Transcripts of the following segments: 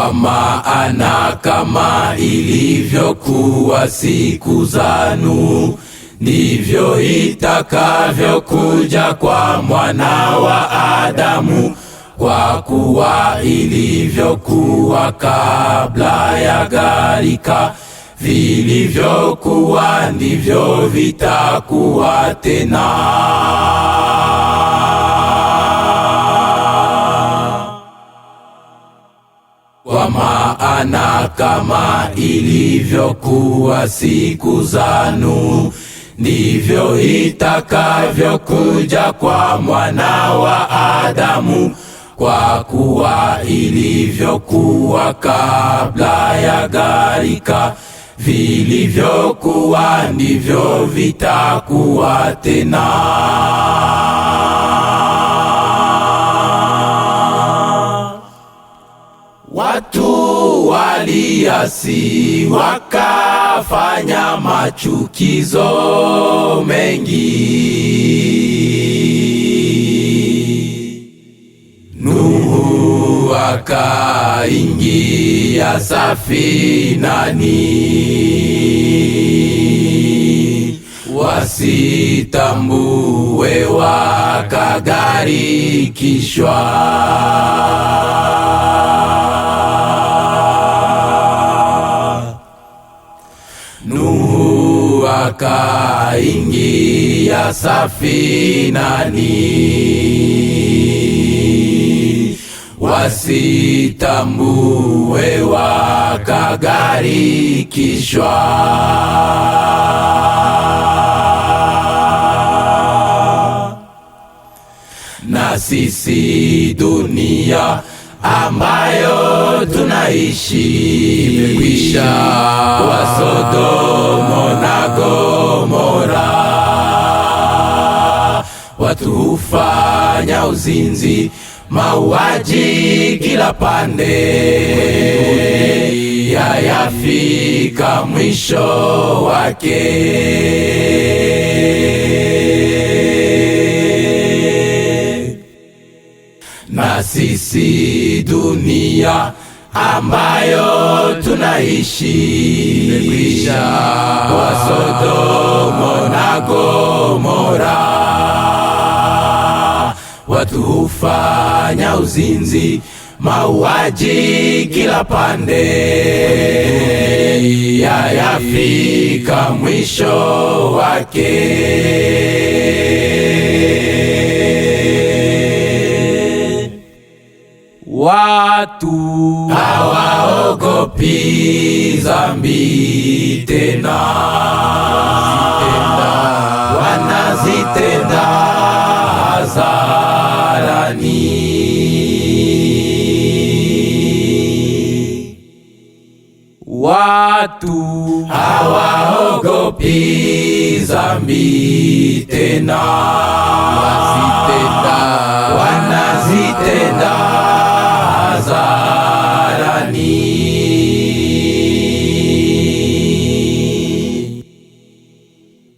kwa maana kama ilivyokuwa siku zanu ndivyo itakavyokuja kwa mwana wa Adamu. Kwa kuwa ilivyokuwa kabla ya gharika, vilivyokuwa ndivyo vitakuwa tena. Kwa maana kama ilivyokuwa siku za Nuhu, ndivyo itakavyokuja kwa mwana wa Adamu. Kwa kuwa ilivyokuwa kabla ya gharika, vilivyokuwa ndivyo vitakuwa tena. Watu waliasi wakafanya machukizo mengi. Nuhu akaingia safinani, wasitambue kishwa akaingia safinani, wasitambue wakagarikishwa. Na sisi dunia ambayo tunaishi imekwisha, Wasodomo watu hufanya uzinzi, mauaji kila pande, yayafika mwisho wake. Na sisi dunia ambayo tunaishi kwa sodomo na Gomora watu hufanya uzinzi, mauaji kila pande, ya yafika mwisho wake. Watu hawaogopi zambi tena, wanazitenda hawaogopi dhambi tena, wanazitenda hadharani.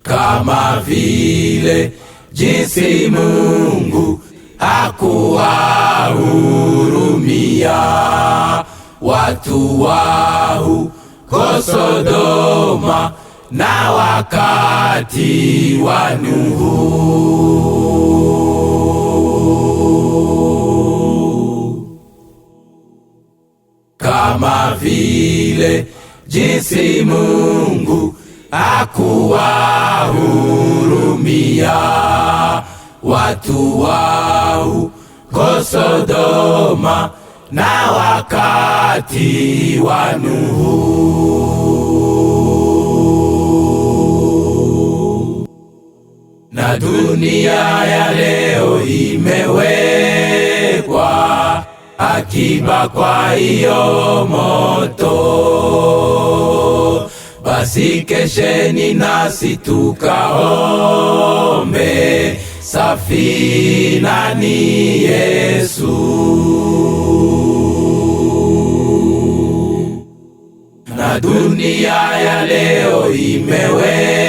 Kama vile jinsi Mungu hakuwahurumia watu wahu ko na wakati wa Nuhu, kama vile jinsi Mungu akuwahurumia watu wao ko Sodoma na wakati wa Nuhu. dunia ya leo imewekwa akiba kwa hiyo moto. Basi kesheni nasi tukaombe, safina ni Yesu, na dunia ya leo imewekwa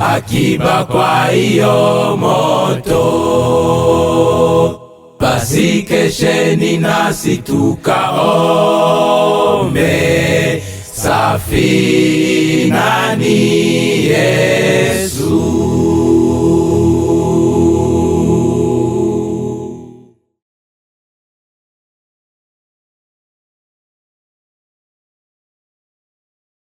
akiba kwa hiyo moto. Basi kesheni nasi tukaombe safinani Yesu.